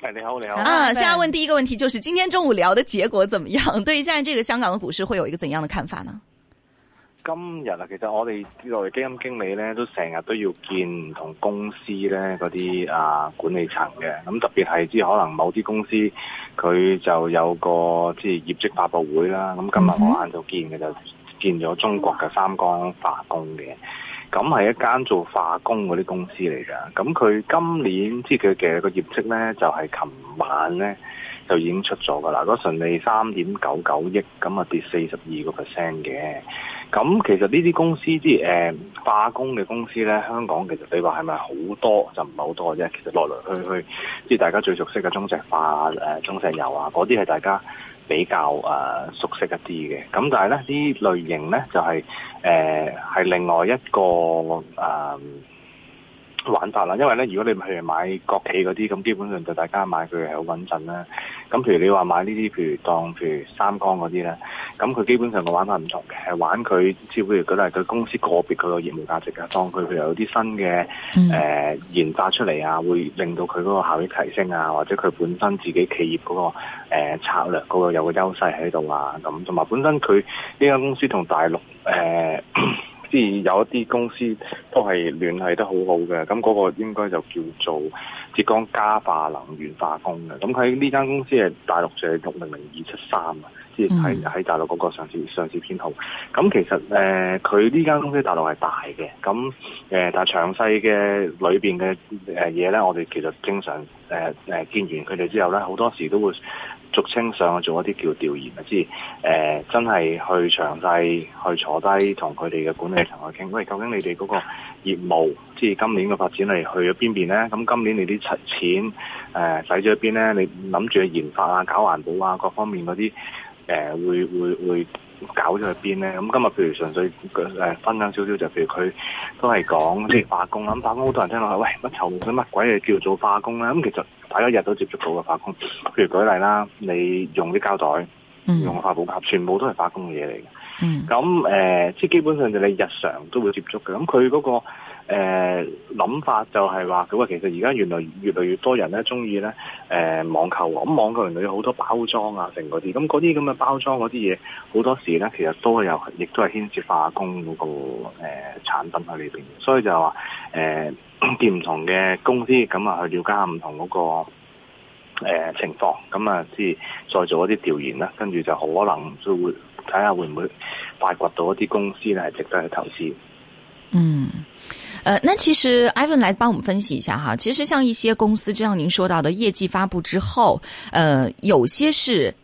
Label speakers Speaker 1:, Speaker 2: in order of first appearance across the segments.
Speaker 1: 係你好，你好。啊，現對在
Speaker 2: 問第一個問題，就是今天中午聊的結果怎麼樣？對於現在這個香港的股市，會有一個怎樣的看法呢？
Speaker 1: 今日啊，其實我哋內地基金經理咧，都成日都要見唔同公司咧嗰啲啊管理層嘅。咁、嗯、特別係，即係可能某啲公司佢就有個即係業績發布會啦。咁今日我晏晝見嘅、嗯、哼就見咗中國嘅三江化工嘅。咁係一間做化工嗰啲公司嚟㗎，咁佢今年即佢嘅個業績呢，就係、是、琴晚呢，就已經出咗㗎啦，個純利三點九九億，咁啊跌四十二個 percent 嘅。咁其實呢啲公司即、呃、化工嘅公司呢，香港其實你話係咪好多就唔係好多啫，其實來來去去即大家最熟悉嘅中石化、呃、中石油啊，嗰啲係大家。比較誒、呃、熟悉一啲嘅，咁但係咧呢這些類型咧就係、是、誒、係、呃、另外一個誒。呃玩法啦，因為咧，如果你譬如買國企嗰啲，咁基本上對大家買佢係好穩陣啦。咁譬如你話買呢啲，譬如當譬如三江嗰啲咧，咁佢基本上個玩法唔同嘅，係玩佢，似乎如果即係譬如係佢公司個別佢個業務價值啊，當佢佢有啲新嘅誒、呃、研發出嚟啊，會令到佢嗰個效益提升啊，或者佢本身自己企業嗰、嗰個、呃、策略嗰、嗰個有個優勢喺度啊，咁同埋本身佢呢間公司同大陸誒。呃 即係有一啲公司都係聯繫得好好嘅，咁、那、嗰個應該就叫做浙江嘉化能源化工嘅，咁喺呢間公司係大陸 3, 就係六零零二七三啊，即係喺喺大陸嗰個上市上市編號。咁其實誒佢呢間公司大陸係大嘅，咁誒、呃、但係詳細嘅裏邊嘅誒嘢咧，我哋其實經常誒誒、呃、見完佢哋之後咧，好多時都會。俗稱上去做一啲叫調研啊，即係誒真係去詳細去坐低同佢哋嘅管理層去傾，喂，究竟你哋嗰個業務即係今年嘅發展係去咗邊邊咧？咁今年你啲錢誒使咗喺邊咧？你諗住去研發啊、搞環保啊各方面嗰啲誒會會會搞咗喺邊咧？咁今日譬如純粹誒、呃、分享少少，就譬如佢都係講即係化工。咁化工好多人聽落去，喂，乜臭乜鬼嘢叫做化工咧？咁其實。大家日日都接觸到嘅化工，譬如舉例啦，你用啲膠袋，mm. 用化布甲，全部都係化工嘅嘢嚟嘅。咁誒、mm.，即、呃、基本上就你日常都會接觸嘅。咁佢嗰個誒諗、呃、法就係話，佢啊，其實而家越來越來越多人咧鍾意咧誒網購喎。咁網購入面有好多包裝啊，成嗰啲，咁嗰啲咁嘅包裝嗰啲嘢，好多時咧其實都有，亦都係牽涉化工嗰、那個誒、呃、產品喺裏面。所以就話誒。呃見唔同嘅公司，咁啊去了解唔同嗰，那個誒、呃、情況，咁啊即係再做一啲調研啦，跟住就可能就會睇下會唔會發掘到一啲公司咧係值得去投資。嗯，
Speaker 2: 誒、呃，那其實 Ivan 來幫我們分析一下哈，其實像一些公司，就像您說到的業績發佈之後，誒、呃，有些是。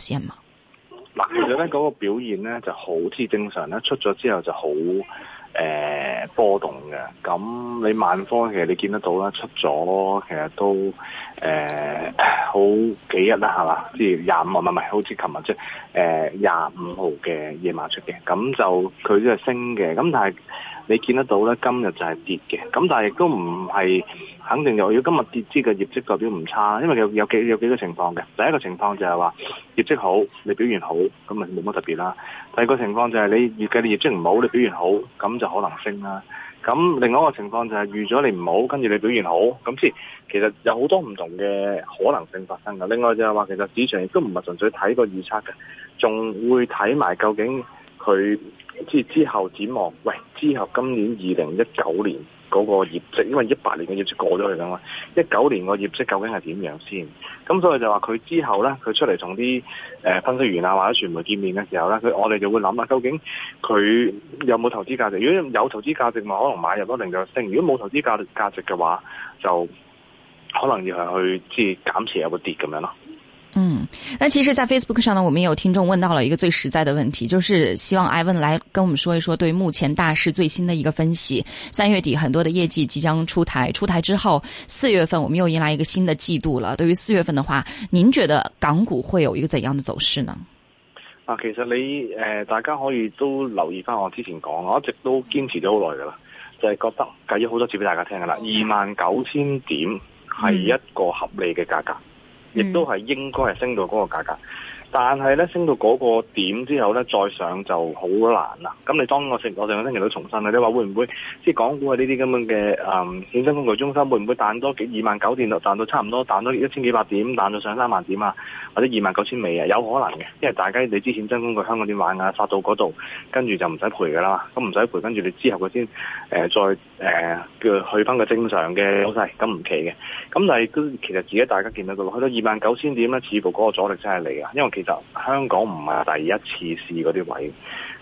Speaker 1: 嗱，其實咧嗰、嗰個表現咧就好似正常咧，出咗之後就好誒、呃、波動嘅。咁你萬科其實你見得到啦，出咗其實都誒、呃、好幾日啦，係嘛？即係廿五號唔係唔係，好似琴日即係誒廿五號嘅夜晚出嘅，咁就佢都就升嘅。咁但係。你見得到咧，今日就係跌嘅，咁但係亦都唔係肯定又要今日跌資嘅業績代表唔差，因為有有幾有幾個情況嘅。第一個情況就係話業績好，你表現好，咁咪冇乜特別啦。第二個情況就係、是、你預計你業績唔好，你表現好，咁就可能升啦。咁另外一個情況就係、是、預咗你唔好，跟住你表現好，咁先。其實有好多唔同嘅可能性發生㗎。另外就係話，其實市場亦都唔係純粹睇個預測嘅，仲會睇埋究竟佢。之之後展望，喂，之後今年二零一九年嗰個業績，因為一八年嘅業績過咗去啦嘛，一九年個業績究竟係點樣先？咁所以就話佢之後呢，佢出嚟同啲誒分析員啊或者傳媒見面嘅時候呢，佢我哋就會諗下、啊，究竟佢有冇投資價值？如果有投資價值，咪可能買入咯，定就升；如果冇投資價值嘅話，就可能要係去即係減持或者跌咁樣咯。
Speaker 2: 嗯，那其實，在 Facebook 上呢，我們也有聽眾問到了一個最實在的問題，就是希望 Ivan 來跟我們說一說對目前大市最新的一個分析。三月底很多的業績即將出台，出台之後四月份我們又迎來一個新的季度了。對於四月份的話，您覺得港股會有一個怎樣的走勢呢？
Speaker 1: 啊，其實你誒、呃，大家可以都留意翻我之前講，我一直都堅持咗好耐嘅啦，就係、是、覺得計咗好多次俾大家聽噶啦，二萬九千點係一個合理嘅價格。嗯亦都係應該係升到嗰個價格。但係咧升到嗰個點之後咧，再上就好難啦。咁你當我成我上個星期都重申啦，即係話會唔會即係港股係呢啲咁樣嘅誒、嗯、衍生工具中心會唔會彈多幾二萬九千度彈到差唔多彈多一千幾百點，彈到上三萬點啊，或者二萬九千尾啊，有可能嘅，因為大家你知衍生工具香港點玩啊，殺到嗰度，跟住就唔使賠噶啦，咁唔使賠，跟住你之後佢先誒再誒、呃、叫去翻個正常嘅走勢，咁唔奇嘅。咁但係都其實自己大家見到嘅去到二萬九千點咧，似乎嗰個阻力真係嚟嘅，因為其實香港唔係第一次試嗰啲位，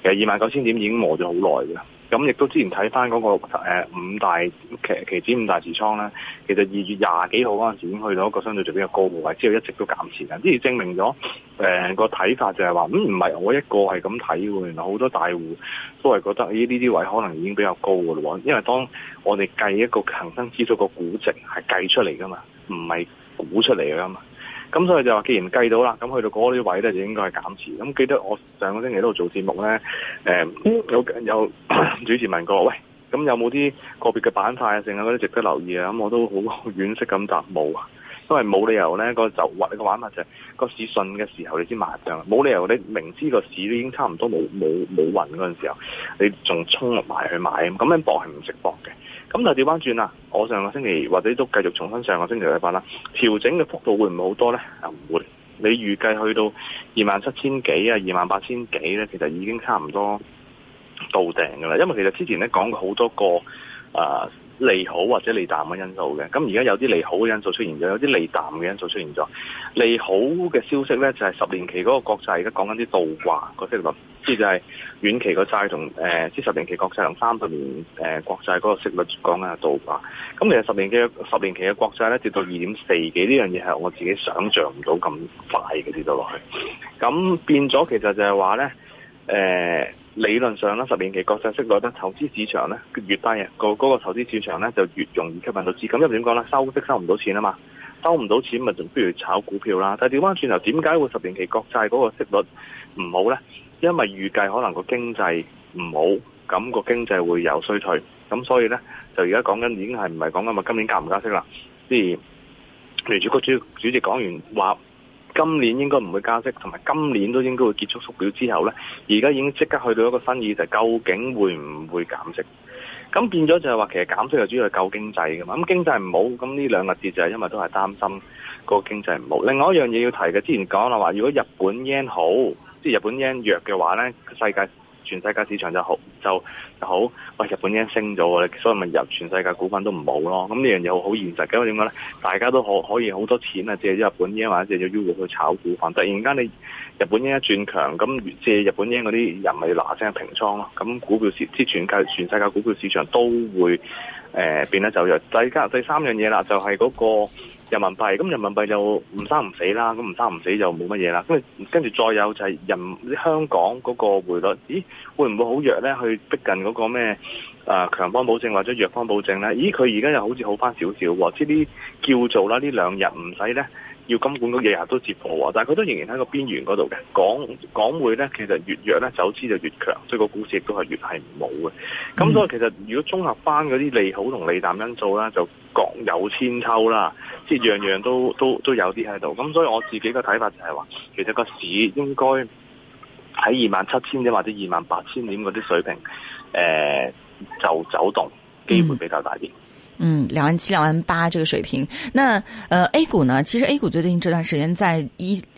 Speaker 1: 其實二萬九千點已經磨咗好耐嘅。咁亦都之前睇翻嗰個五大期期指五大持倉咧，其實二月廿幾號嗰陣時已經去到一個相對嚟比嘅高的位置，之後一直都減錢嘅，呢啲證明咗誒、呃那個睇法就係話，咁唔係我一個係咁睇喎，原來好多大戶都係覺得呢呢啲位置可能已經比較高嘅咯喎，因為當我哋計一個恆生指數個估值係計出嚟㗎嘛，唔係估出嚟㗎嘛。咁所以就話，既然計到啦，咁去到嗰啲位咧就應該係減持。咁記得我上個星期都做節目咧、嗯，有有 主持問過，喂，咁有冇啲個別嘅板塊啊，剩係嗰啲值得留意啊？咁、嗯、我都好惋惜咁答冇，因為冇理由咧、個就話、個玩法就係、是個市信嘅時候你先買入帳，冇理由你明知個市已經差唔多冇冇冇運嗰陣時候，你仲衝入埋去買，咁樣搏係唔識搏嘅。咁就調翻轉啦！我上個星期或者都繼續重新上個星期禮拜啦，調整嘅幅度會唔會好多呢？啊，唔會，你預計去到二萬七千幾啊、二萬八千幾呢，其實已經差唔多到頂噶啦。因為其實之前呢講過好多個啊、呃、利好或者利淡嘅因素嘅，咁而家有啲利好嘅因素出現咗，有啲利淡嘅因素出現咗。利好嘅消息呢，就係、是、十年期嗰個國債而家講緊啲倒掛個新即係遠期個債同誒，即、呃、十年期國債同三十年誒、呃、國債嗰個息率講下嘅度化。咁其實十年嘅十年期嘅國債咧跌到二點四幾，呢樣嘢係我自己想像唔到咁快嘅跌到落去。咁變咗其實就係話咧，誒、呃、理論上咧，十年期國債息率咧，投資市場咧越低啊，個嗰個投資市場咧就越容易吸引到錢。資金。因為點講咧，收息收唔到錢啊嘛，收唔到錢咪仲不如炒股票啦。但係調翻轉頭，點解會十年期國債嗰個息率唔好咧？因為預計可能個經濟唔好，咁個經濟會有衰退，咁所以呢，就而家講緊已經係唔係講緊話今年加唔加息啦？即係聯儲局主主席講完話，今年應該唔會加息，同埋今年都應該會結束縮表之後呢，而家已經即刻去到一個新議題，就是、究竟會唔會減息？咁變咗就係話其實減息就主要係救經濟噶嘛，咁經濟唔好，咁呢兩日跌就係因為都係擔心個經濟唔好。另外一樣嘢要提嘅，之前講啦話，如果日本 yen 好。即係日本 yen 弱嘅話咧，世界全世界市場就好就就好，哇！日本 yen 升上咗喎，所以咪入全世界股份都唔好咯。咁呢樣嘢好現實嘅，因為點解咧？大家都可可以好多錢啊，借咗日本 yen 或者借咗 U 用去炒股份。突然間你日本 yen 一轉強，咁借日本 yen 嗰啲人咪嗱嗱聲平倉咯。咁股票市即係全球全世界股票市場都會誒、呃、變得走弱。第加第三樣嘢啦，就係、是、嗰、那個，人民幣咁人民幣就唔生唔死啦，咁唔生唔死就冇乜嘢啦。跟住再有就係人香港嗰個匯率，咦會唔會好弱咧？去逼近嗰個咩啊、呃、強方保證或者弱方保證咧？咦，佢而家又好似好翻少少喎。呢啲叫做啦，兩呢兩日唔使咧，要金管局日日都接貨喎，但係佢都仍然喺個邊緣嗰度嘅。港港匯咧，其實越弱咧，走資就越強，所以個股市亦都係越係唔好嘅。咁、嗯、所以其實如果綜合翻嗰啲利好同利淡因素咧，就各有千秋啦。即係樣樣都都都有啲喺度，咁所以我自己嘅睇法就係話，其實個市應該喺二萬七千點或者二萬八千點嗰啲水平，誒、呃、就走動機會比較大啲。嗯，
Speaker 2: 兩萬七、兩萬八這個水平，那誒、呃、A 股呢？其實 A 股最近這段時間在一。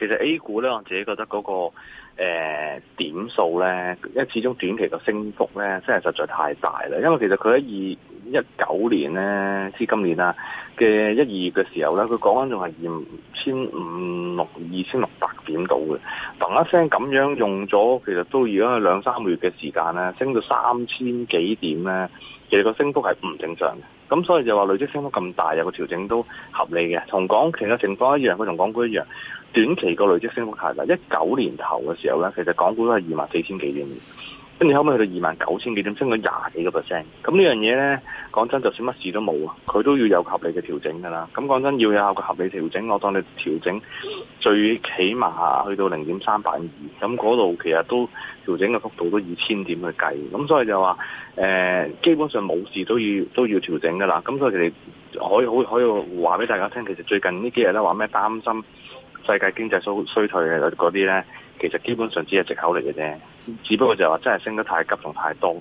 Speaker 1: 其實 A 股咧，我自己覺得嗰、那個誒、呃、點數咧，因為始終短期個升幅咧，真係實在太大啦。因為其實佢喺二一九年咧，至今年啊嘅一二月嘅時候咧，佢講緊仲係二千五六二千六百點到嘅，嘭一聲咁樣用咗，其實都已經兩三個月嘅時間咧，升到三千幾點咧，其實個升幅係唔正常嘅。咁所以就話累積升幅咁大，有個調整都合理嘅，同港其嘅情況一樣，佢同港股一樣。短期個累積升幅太大，一九年頭嘅時候咧，其實港股都係二萬四千幾點，跟住後尾去到二萬九千幾點，升咗廿幾個 percent。咁呢樣嘢咧，講真就算乜事都冇啊，佢都要有合理嘅調整㗎啦。咁講真，要有個合理調整，我當你調整最起碼去到零點三百二，咁嗰度其實都調整嘅幅度都以千點去計。咁所以就話、呃、基本上冇事都要都要調整㗎啦。咁所以其實可以可以可以話俾大家聽，其實最近呢幾日咧話咩擔心？世界經濟衰衰退嘅嗰啲咧，其實基本上只係借口嚟嘅啫，只不過就係話真係升得太急仲太多，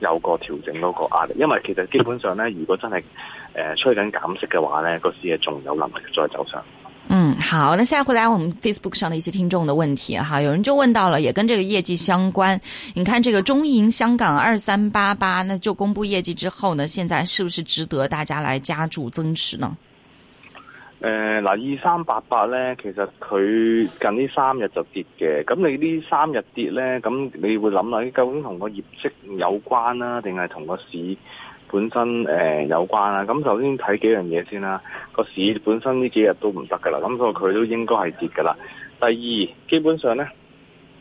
Speaker 1: 有個調整嗰個壓力。因為其實基本上咧，如果真係誒吹緊減息嘅話咧，個市係仲有能力再走上。
Speaker 2: 嗯，好，那下回嚟，我們 Facebook 上的一些聽眾的問題哈，有人就問到了，也跟這個業績相關。你看這個中銀香港二三八八，那就公布業績之後呢，現在是不是值得大家來加注增持呢？
Speaker 1: 誒，嗱二三八八咧，其實佢近呢三日就跌嘅。咁你呢三日跌咧，咁你會諗下究竟同個業績有關啦、啊，定係同個市本身誒、呃、有關啦、啊？咁首先睇幾樣嘢先啦。個市本身呢幾日都唔得㗎啦，咁所以佢都應該係跌噶啦。第二，基本上咧。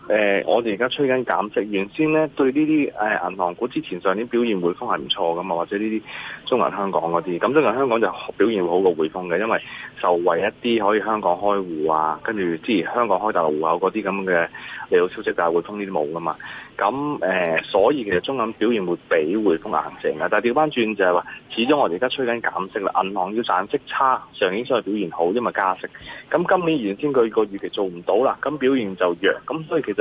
Speaker 1: 誒、呃，我哋而家吹緊減息，原先咧對呢啲誒銀行股，之前上年表現匯豐係唔錯㗎嘛，或者呢啲中銀香港嗰啲，咁中銀香港就表現會好過匯豐嘅，因為受惠一啲可以香港開戶啊，跟住之前香港開大陸戶口嗰啲咁嘅利好消息，但係匯豐呢啲冇㗎嘛。咁誒、呃，所以其實中銀表現會比匯豐硬淨啊。但係調翻轉就係話，始終我哋而家吹緊減息啦，銀行要賺息差，上年先係表現好，因為加息。咁今年原先佢、這個預期做唔到啦，咁表現就弱。咁所以其實，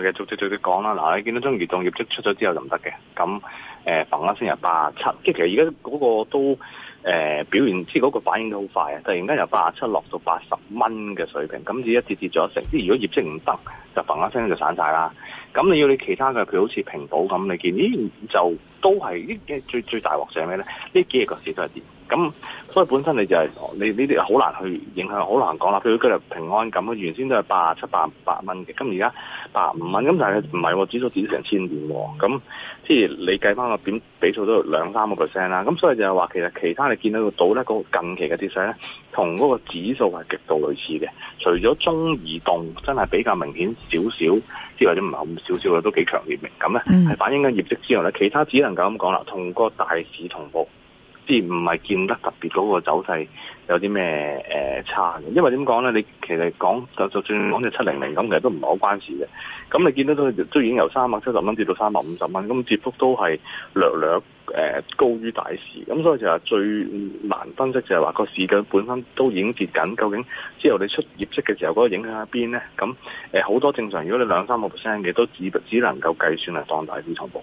Speaker 1: 嘅逐隻逐隻講啦，嗱你見到中移動業績出咗之後就唔得嘅，咁誒嘭一聲係八十七，即係其實而家嗰個都誒、呃、表現，即係嗰個反應都好快啊！突然間由八十七落到八十蚊嘅水平，咁就一跌跌咗一成，即係如果業績唔得，就嘭一聲就散晒啦。咁你要你其他嘅，譬如好似平保咁，你見呢就。都係呢幾最最大鑊，係咩咧？呢幾日個市都係跌，咁所以本身你就係、是、你呢啲好難去影響，好難講啦。譬如今日平安咁，佢原先都係八十七八蚊嘅，咁而家八五蚊，咁但係唔係指數跌成千點，咁即係你計翻個點比數都有兩三個 percent 啦。咁所以就係話其實其他你見到個度咧，個近期嘅跌勢咧，同嗰個指數係極度類似嘅。除咗中移動真係比較明顯少少，即係或者唔係咁少少嘅都幾強烈。明咁咧係反映緊業績之後咧，其他只能。咁講啦，同個大市同步，即係唔係見得特別嗰個走勢有啲咩誒差嘅？因為點講咧？你其實講就就算講隻七零零咁，其實都唔係好關事嘅。咁、嗯、你見到都都已經由三百七十蚊跌到三百五十蚊，咁跌幅都係略略誒、呃、高於大市。咁所以就係最難分析就係話個市嘅本身都已經跌緊，究竟之後你出業績嘅時候嗰個影響喺邊咧？咁、呃、好多正常，如果你兩三個 percent 嘅都只只能夠計算係當大市同步。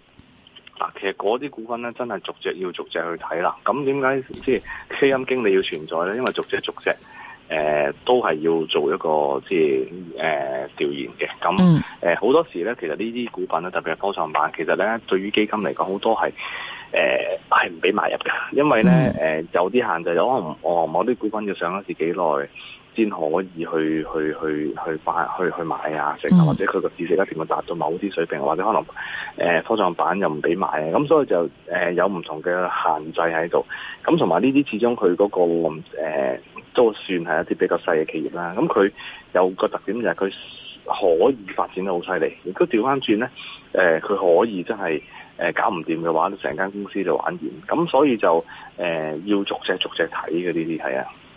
Speaker 1: 嗱，其實嗰啲股份咧，真係逐隻要逐隻去睇啦。咁點解即係基金經理要存在咧？因為逐隻逐隻誒、呃、都係要做一個即係誒調研嘅。咁誒好多時咧，其實呢啲股份咧，特別係科創板，其實咧對於基金嚟講，好多係誒係唔俾買入嘅，因為咧誒、嗯、有啲限制，有可能我某啲股份要上一次幾耐。先可以去去去去買去去買啊，或者佢個市值一定要達到某啲水平、啊，或者可能誒科創板又唔俾買、啊，咁所以就誒、呃、有唔同嘅限制喺度。咁同埋呢啲始終佢嗰、那個、呃、都算係一啲比較細嘅企業啦、啊。咁佢有個特點就係佢可以發展得好犀利。如果調翻轉咧，誒、呃、佢可以真係誒、呃、搞唔掂嘅話，成間公司就玩完。咁所以就誒、呃、要逐隻逐隻睇嘅呢啲係啊。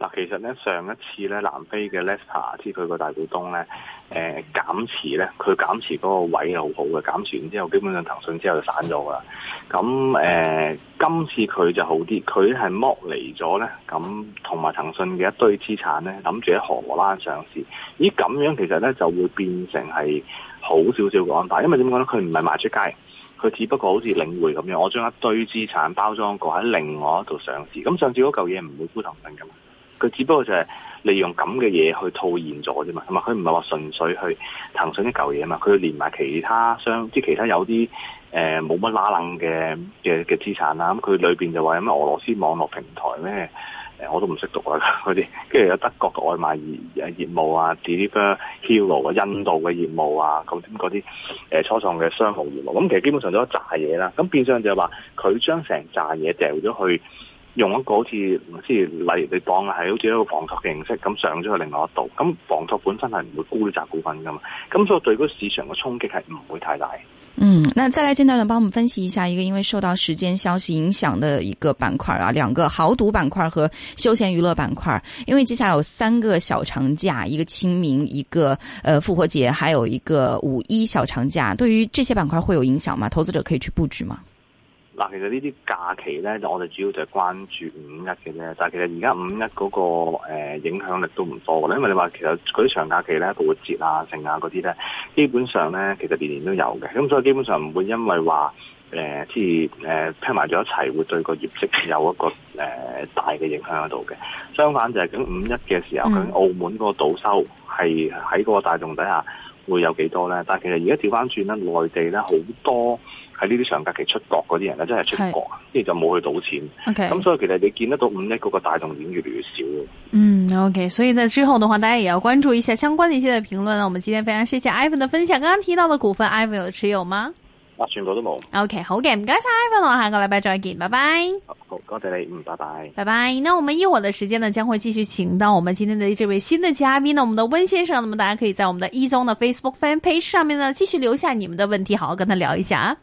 Speaker 1: 嗱，其實咧上一次咧南非嘅 Leicester，佢個大股東咧，誒、呃、減持咧，佢減持嗰個位好好嘅，減持完之後基本上騰訊之後就散咗噶啦。咁誒、呃，今次佢就好啲，佢係剝離咗咧，咁同埋騰訊嘅一堆資產咧，諗住喺荷蘭上市。咦，咁樣其實咧就會變成係好少少嘅安排，因為點講咧？佢唔係賣出街，佢只不過好似領匯咁樣，我將一堆資產包裝過喺另外一度上市。咁上次嗰嚿嘢唔會沽騰訊噶嘛？佢只不過就係利用咁嘅嘢去套現咗啫嘛，同埋佢唔係話純粹去騰訊啲舊嘢啊嘛，佢連埋其他商，即係其他有啲誒冇乜拉冷嘅嘅嘅資產啦、啊，咁佢裏面就話有咩俄羅斯網絡平台咩、呃，我都唔識讀啊嗰啲，跟住有德國嘅外賣業務啊，Delivery Hero 嘅印度嘅業務啊，咁咁嗰啲誒初創嘅商號業務，咁、嗯、其實基本上都一紮嘢啦，咁變相就係話佢將成紮嘢掉咗去。用一個好似即係例如你當係好似一個房託嘅形式咁上咗去另外一度，咁房託本身係唔會沽呢隻股份噶嘛，咁所以對嗰個市場嘅衝擊係唔會太大。
Speaker 2: 嗯，那再來，鄭導呢，幫我們分析一下一個因為受到時間消息影響嘅一個板塊啊，兩個豪賭板塊和休閒娛樂板塊，因為接下來有三個小長假，一個清明，一個呃復活節，還有一個五一小長假，對於這些板塊會有影響嗎？投資者可以去佈局嗎？
Speaker 1: 嗱，其實呢啲假期咧，就我哋主要就係關注五一嘅啫，但係其實而家五一嗰個，呃、影響力都唔多嘅，因為你話其實嗰啲長假期咧，復活節啊、剩啊嗰啲咧，基本上咧其實年年都有嘅。咁所以基本上唔會因為話誒，即係誒拼埋咗一齊，會對個業績有一個，呃、大嘅影響喺度嘅。相反就係咁五一嘅時候，佢，mm hmm. 澳門個賭收係喺個大眾底下。會有幾多咧？但係其實而家調翻轉咧，內地咧好多喺呢啲長假期出國嗰啲人咧，真係出國，跟住是就冇去賭錢。OK，咁所以其實你見得到五億嗰個大動力越嚟越少。
Speaker 3: 嗯，OK，所以在之後的話，大家也要關注一下相關的一些嘅評論啊。我們今天非常謝謝 Ivan 的分享，剛剛提到的股份，Ivan 有持有嗎？
Speaker 1: 啊，全
Speaker 3: 部都冇，okay。OK，好嘅，唔該晒，分我下個禮拜再見，拜拜。好，多謝你，嗯，
Speaker 1: 拜
Speaker 3: 拜，拜拜。那我們一會的時間呢，將會繼續請到我們今天的這位新的嘉賓呢，呢我們的温先生。那麼大家可以在我們的一、e、中的 Facebook fan page 上面呢，繼續留下你們的問題，好好跟他聊一下啊。